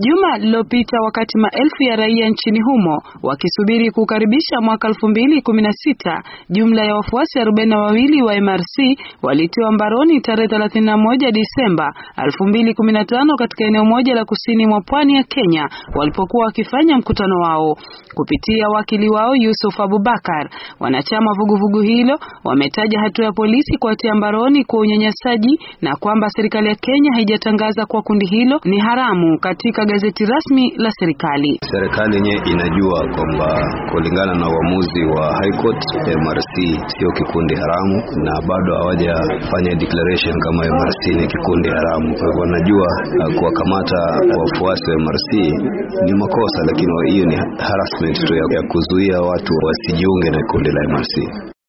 Juma lililopita wakati maelfu ya raia nchini humo wakisubiri kukaribisha mwaka 2016, jumla ya wafuasi 42 wa MRC walitiwa mbaroni tarehe 31 Disemba 2015 katika eneo moja la kusini mwa pwani ya Kenya walipokuwa wakifanya mkutano wao. Kupitia wakili wao Yusuf Abubakar, wanachama vuguvugu hilo wametaja hatua ya polisi kuwatia mbaroni kwa unyanyasaji na kwamba serikali ya Kenya haijatangaza kwa kundi hilo ni haramu katika gazeti rasmi la serikali. Serikali yenyewe inajua kwamba kulingana na uamuzi wa High Court, MRC sio kikundi haramu na bado hawajafanya declaration kama MRC ni kikundi haramu. Kwa hivyo wanajua uh, kuwakamata wafuasi wa MRC ni makosa, lakini hiyo ni harassment tu ya kuzuia watu wasijiunge na kundi la MRC.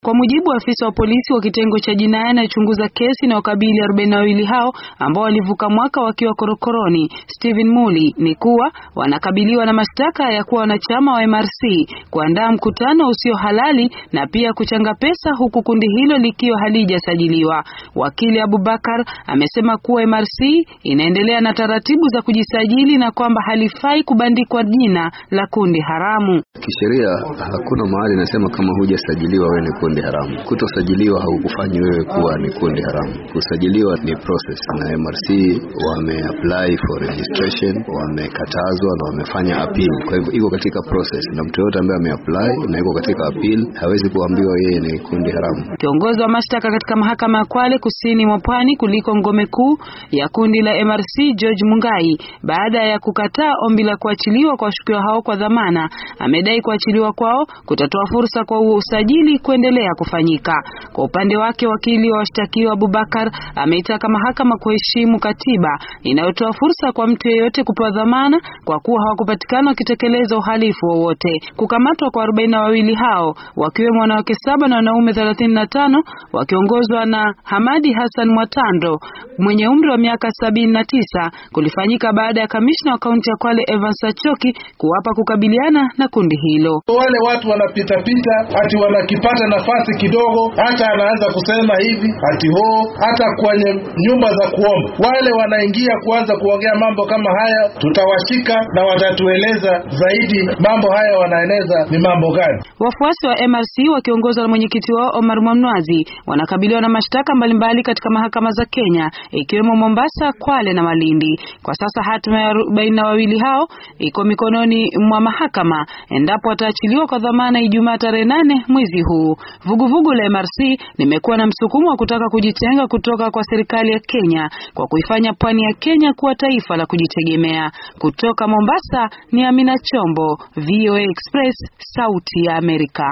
Kwa mujibu wa afisa wa polisi wa kitengo cha jinai anayechunguza kesi na wakabili arobaini na wawili hao ambao walivuka mwaka wakiwa korokoroni, Stephen Muli, ni kuwa wanakabiliwa na mashtaka ya kuwa wanachama wa MRC, kuandaa mkutano usio halali na pia kuchanga pesa, huku kundi hilo likiwa halijasajiliwa. Wakili Abubakar amesema kuwa MRC inaendelea na taratibu za kujisajili na kwamba halifai kubandikwa jina la kundi haramu. Kisheria hakuna mahali inasema kama hujasajiliwa wewe kundi haramu. Kutosajiliwa haukufanyi wewe kuwa ni kundi haramu. Kusajiliwa ni process, na MRC wameapply for registration, wamekatazwa na wamefanya appeal. Kwa hivyo iko katika process, na mtu yoyote ambaye ameapply na iko katika appeal hawezi kuambiwa yeye ni kundi haramu. Kiongozi wa mashtaka katika mahakama ya Kwale kusini mwa Pwani kuliko ngome kuu ya kundi la MRC George Mungai, baada ya kukataa ombi la kuachiliwa kwa washukiwa hao kwa dhamana, amedai kuachiliwa kwao kutatoa fursa kwa usajili kuendelea yanaendelea kufanyika. Kwa upande wake, wakili wa washtakiwa Abubakar ameitaka mahakama kuheshimu katiba inayotoa fursa kwa mtu yeyote kupewa dhamana kwa kuwa hawakupatikana wakitekeleza uhalifu wowote. Kukamatwa kwa arobaini na wawili hao wakiwemo wanawake saba na wanaume thelathini na tano wakiongozwa na Hamadi Hassan Mwatando mwenye umri wa miaka sabini na tisa kulifanyika baada ya kamishna wa kaunti ya Kwale Evans Achoki kuwapa kukabiliana na kundi hilo. Wale watu wanapitapita ati wanakipata nafasi nafasi kidogo, hata anaanza kusema hivi ati ho. Hata kwenye nyumba za kuomba wale wanaingia kuanza kuongea mambo kama haya, tutawashika na watatueleza zaidi mambo haya wanaeneza ni mambo gani. Wafuasi wa MRC wakiongozwa na mwenyekiti wao Omar Mwamnwazi wanakabiliwa na mashtaka mbalimbali katika mahakama za Kenya ikiwemo Mombasa, Kwale na Malindi. Kwa sasa hatima ya arobaini na wawili hao iko mikononi mwa mahakama endapo wataachiliwa kwa dhamana Ijumaa tarehe nane mwezi huu. Vuguvugu la MRC limekuwa na msukumo wa kutaka kujitenga kutoka kwa serikali ya Kenya kwa kuifanya pwani ya Kenya kuwa taifa la kujitegemea. Kutoka Mombasa ni Amina Chombo, VOA Express, Sauti ya Amerika.